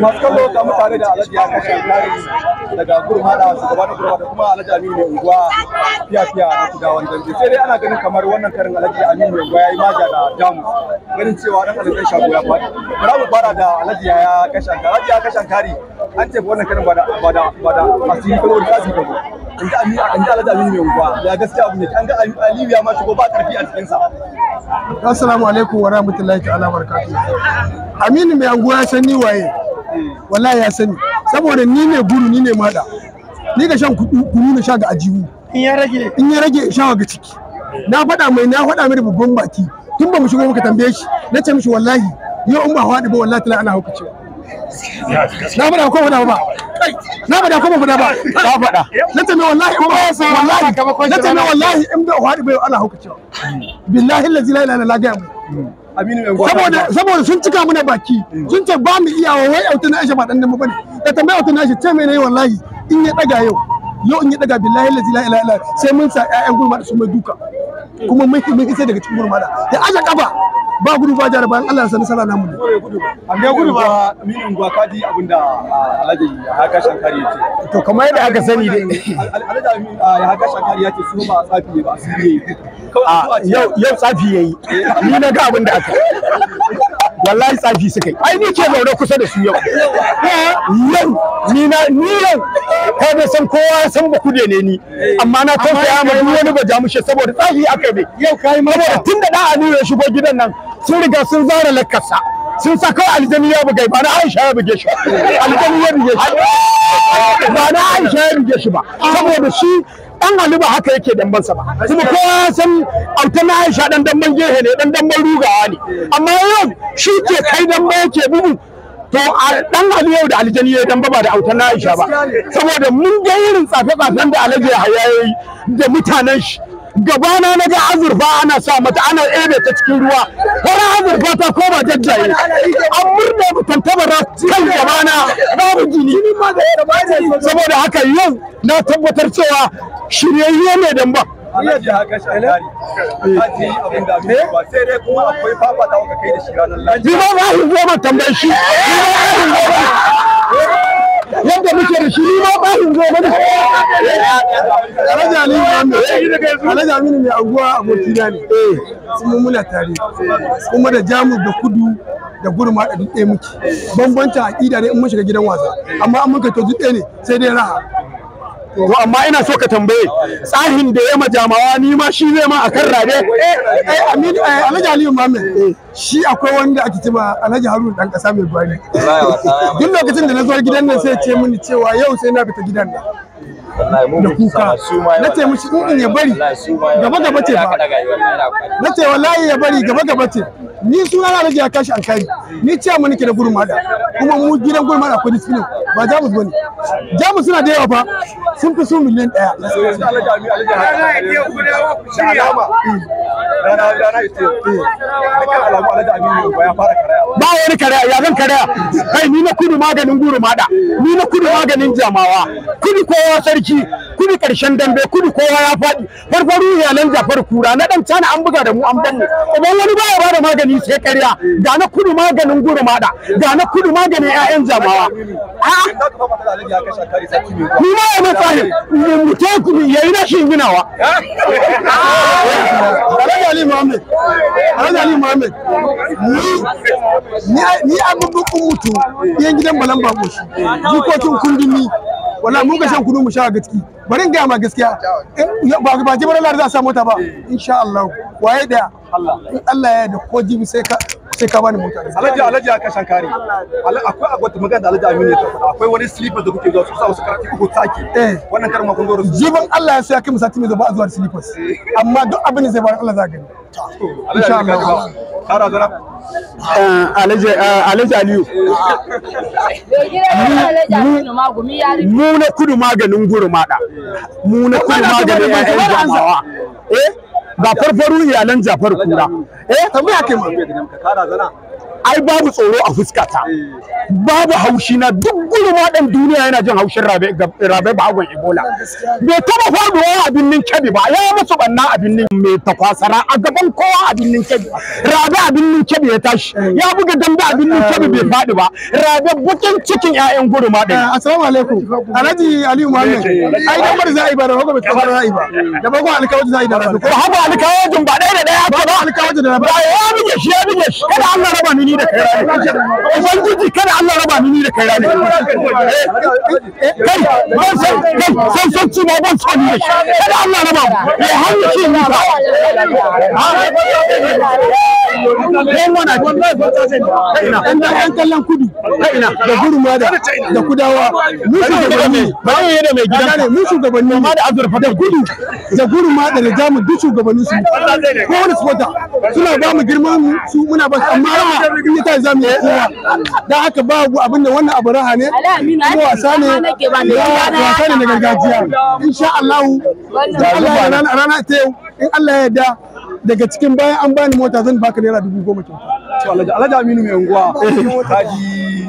masu kallo ga mutane da alhaji ya kashe kare daga gurma da shugaba na gurma da kuma alhaji aminu mai unguwa fiya fiya na kudawan dambe sai dai ana ganin kamar wannan karin alhaji aminu mai unguwa ya yi maja da jamus ganin cewa dan alhaji shago ya faɗi bara mu fara da alhaji ya kashe kare alhaji ya kashe kare an ce wannan karin ba da ba da ba da masu yi kalori ta su kalori in ga amina an ji alhaji aminu mai unguwa ya gaskiya abu ne an ga aliyu ya ma shigo ba karfi a cikinsa assalamu alaikum wa rahmatullahi ta'ala barakatuhu aminu mai unguwa ya san ni waye eh. wallahi ya sani saboda ni ne guru ni ne mada ni ga shan kunu na sha ga ajihu in ya rage in ya rage sha ga ciki na faɗa mai na faɗa mai babban baki tun ba mu shigo muka tambaye shi na ce mishi wallahi yau in ba haɗu ba wallahi tala ana hauka na faɗa ko faɗa ba na faɗa ko ba faɗa ba ka faɗa na tafi wallahi ko ba sa wallahi na tafi wallahi in da wadi bai Allah hukunci billahi allazi la ilaha illa Allah saboda saboda sun cika mana baki sun ce ba mu iyawa wai auta na aisha ba dan namu bane da tambaya auta na aisha ce mai nayi wallahi in ya daga yau yau in ya daga billahi la ilaha illa sai mun sa ƴaƴan gurma da su mai duka kuma mun mun sai daga cikin gurma da aja kafa ba gudu ba jara bayan Allah ya sani sara namu ne amma gudu ba min unguwa kaji abinda ah, Alhaji Haka Shankari yace to kamar yadda aka sani dai Alhaji Haka ah, Shankari yace su ba tsafi ba su ne ah, yau yau tsafi yayi ni na ga abinda aka wallahi tsafi suka yi ai ni ke zaune kusa da su yau yau ni na ni yau kai da san kowa san ba kude ne ni amma na tausaya ma duk wani ba jamushe saboda tsafi aka yi yau kai ma saboda tun da da Aliyu ya shigo gidan nan sun riga sun zara lakasa sun sako kawai aljani ya bugai ba na aisha ya buge shi aljani ya buge shi ba na aisha ya buge shi ba saboda shi dan Ali ba haka yake damban sa ba kuma kowa san alta na aisha dan damban gehe ne dan damban rugawa ne amma yau shi ke kai damba yake bugu to dan Ali yau da aljani ya damba ba da autan na aisha ba saboda mun ga irin tsafe-tsafen da alhaji ya da mutanen shi gabana na ga azurfa ana sa mata ana ebe ta cikin ruwa wani azurfa ta koma jajjaye an murna tantabara kan gabana babu gini saboda haka yau na tabbatar cewa shiryayye ne dan ba ba shi lafiya. Ni ba ba goma tambayi shi, ni ba ba goma. yadda muke da shi ma hin zo bane Alhaji Aminu wanda Alhaji ne mai anguwa abokina ne eh, sun Mun muna tare kuma da jamu da kudu da gurma da duk ɗaya muke bambanta aƙida ne in mun shiga gidan wasa amma an muka to duk ɗaya ne sai dai raha to amma ina so ka tambaye tsahin da ya majamawa ni ma shi zai ma akan rabe eh, eh amin eh, alhaji aliyu mamin eh, shi akwai wanda ake cewa alhaji Harun dan kasa mai bari duk lokacin da na zo gidan nan sai ce mini cewa yau sai na fita gidan nan da kuka na ce mushi in ya bari gaba gaba ce ba na ce wallahi ya bari gaba gaba ce ni suna na rage ya kashi an kai ni ce mu nake da gurmada kuma mu gidan gurmada akwai disiplin ba za mu bane jamus suna da yawa fa sun fi su miliyan daya eh. eh. ba wani karaya ya zan karaya kai ni na kudu maganin gurmada ni na kudu maganin jamawa kudu kowa sarki kudu karshen dambe kudu kowa ya faɗi farfaru nan jafar kura na dan cana an buga da mu an danne uban wani baya ba da magani sai karya ga na kudu maganin gurmada ga na kudu maganin ƴaƴan jamawa ni ma ya matsa ne mu ta ya yi na shinginawa Alhaji Ali Muhammad Alhaji Ali Muhammad ni ni abubukun mutu yan gidan balan babushi jikokin kundin ni wallahi mun ga shan kunu mu sha gaski bari in ga ma gaskiya ba ba ji Allah za sa mota ba eh. insha Allah waye da Allah Allah ya da ko jibi sai ka sai ka bani mota alhaji alhaji ya kashan akwai akwai magana da alhaji aminu ya faɗa akwai wani slipper da kuke zuwa su sa wasu karatu ku take eh. wannan karin makon goro jibin Allah ya sai kai misati mai zaba a zuwa da slippers eh. amma duk abin da zai bayar Allah za gani insha Allah kara zara eh, alhaji aliyu mu na kudu maganin gurma da mu na kudu maganin 'ya'yan eh ga farfaru iyalan Jafar Kura eh tambaya kai mu ai babu tsoro a fuskata babu haushi na duk gurma dan duniya yana jin haushin rabe rabe ba gon ebola bai taba faduwa a binnin kebi ba ya musu banna a binnin mai tafasara a gaban kowa a binnin kebi rabe a binnin kebi ya tashi ya buga dambe a binnin kebi bai faɗi ba rabe bukin cikin ƴaƴan ma da eh, assalamu alaikum alhaji ali muhammad eh, eh, ai dan za a yi ba da haka bai tafara yi ba da bago a yi da rabe ko haka alkawajin ba ɗaya da ɗaya ba alkawajin da rabe ba ya buge shi ya buge shi kada Allah raba ni ni da kai rani ubangiji kada Allah raba ni da kai rani eh, eh, eh, kai ban san kai san san ci ma ban san ni kada Allah raba ya hannu ci ni ka yan kallon kudu da gurma da da kudawa mu shugabanni ba yayi da mai gidan mu shugabanni amma da azurfa da kudu da gurma da rajamu duk shugabannin su ko wani suna ba mu girman su muna ba amma in ta za mu yi kowa eh, da aka ba abin da wannan abu raha ne kuma wasa ne wasa ne na gargajiya insha Allah da Allah ya rana rana ta yau in Allah ya yarda daga cikin bayan an bani mota zan baka naira dubu goma kyauta alhaji aminu mai unguwa kaji eh.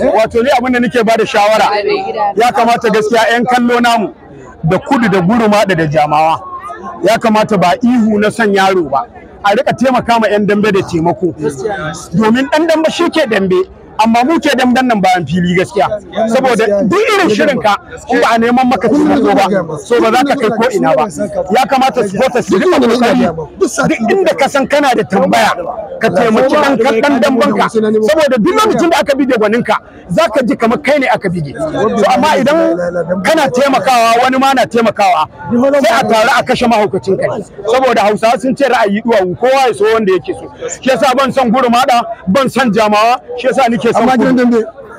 eh? wato ni abin da nake ba da shawara ya kamata gaskiya 'yan kallo namu da kudu da guruma da da jamawa ya kamata ba ihu na son yaro ba a rika taimaka ma 'yan dambe da taimako domin ɗan dambe shi ke dambe amma mu ke dambe nan bayan fili gaskiya saboda duk irin shirin ka in ba a neman maka taimako ba so ba za ka kai ko ina ba ya kamata su kota su rika kokari duk inda ka san kana da tambaya ka taimaki dan dan dambanka saboda duk lokacin da aka bige gwaninka zaka ji kamar kai ne aka bige to amma idan kana taimakawa wani ma na taimakawa sai a tare a kashe mahaukacin kai saboda Hausawa sun ce ra'ayi duwawu kowa ya so wanda yake so shi yasa ban san gurmada ban san jamawa shi yasa nike son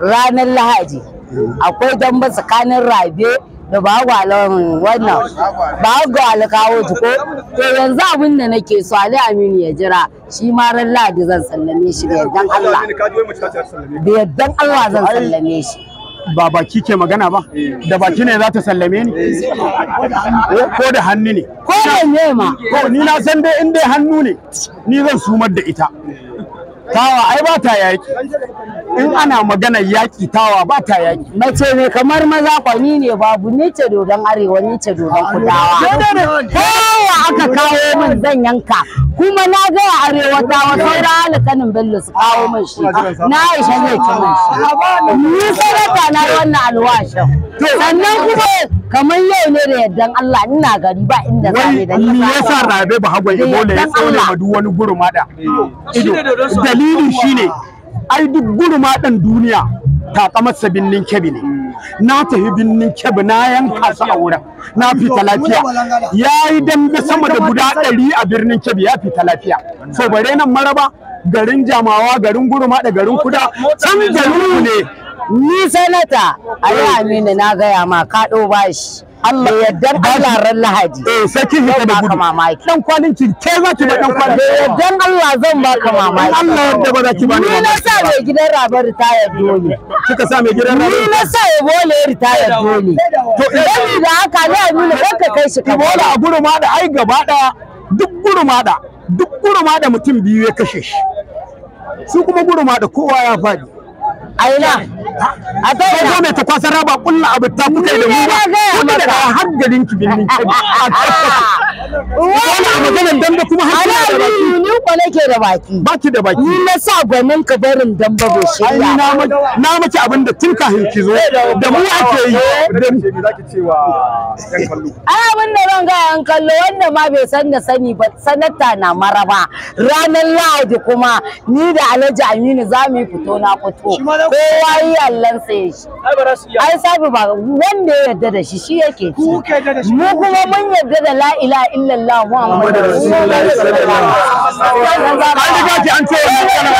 ranar lahadi akwai damba tsakanin rabe da bagwalon wannan bagwal kawo tuko to yanzu abin da nake so ali aminu ya jira shi ma ran lahadi zan sallame shi da yardan allah da yardan allah zan sallame shi ba baki ke magana ba eh. da baki ne za ta sallame ni eh. Eh, ko da hannu ne ko da ne ma ko ni na san dai in dai hannu ne ni zan sumar da ita tawa ai ba ta yaki in ana magana yaƙi tawa ba ta yaƙi. Mace ne kamar maza kwani ne babu ni ce dodon arewa ni ce dodon kudawa. Kowa aka kawo min zan yanka kuma na ga arewa ta wasu da alƙanin bello su kawo min shi na aisha zai ci min shi. Ni sadaka na wannan alwashin. Sannan kuma kamar yau ne da yardan Allah ina gari ba inda za da ni. Wai yasa Rabe Bahagwa Ibola ya tsone ma duk wani gurumada. Dalili shine ai duk gurma ɗan duniya takamarsa binnin kebi ne na tafi binnin kebi na yanka su a wurin na fita lafiya ya yi dambe sama da guda ɗari a birnin kebi ya fita lafiya so bare nan maraba garin jamawa garin gurma da garin kuda can garin ne ni sanata a yi amina na gaya ma ka ɗo bashi Allah yardar Allah ran Lahadi. Eh sai kin fita da gudu. Dan kwalin ki za ki ba dan kwalin. Da Allah zan baka mamaki. Allah ba za ki ba ni. na sa mai gidan rabar ritaya dole. Kika sa mai gidan rabar. Ni na sa ya bole ritaya dole. To eh, idan da eh, haka ne nuna ko ka kai shi eh, ka. Bola a guruma da ai gaba daya duk guruma da duk guruma da mutum biyu ya kashe shi. Su kuma guruma da kowa ya faɗi. Aina. a ta yi zome raba kulla abu ta kuka da mu ba kuma da hankalin ki bin a wani maganar dambe kuma ko nake da baki baki da baki ni na sa gwanin ka barin dan bago shi ai na na miki abin da tun kafin ki zo da mu ake yi zaki cewa yan kallo ai abin da zan ga yan kallo wannan ma bai san da sani ba sanata na maraba ranar lahadi kuma ni da alhaji aminu za mu yi fito na fito kowa yi allan sai shi ai sabu ba wanda ya yarda da shi shi yake ci mu kuma mun yarda da la ilaha illallah muhammadu rasulullahi sallallahu alaihi wasallam Hadi kaç an çevirin.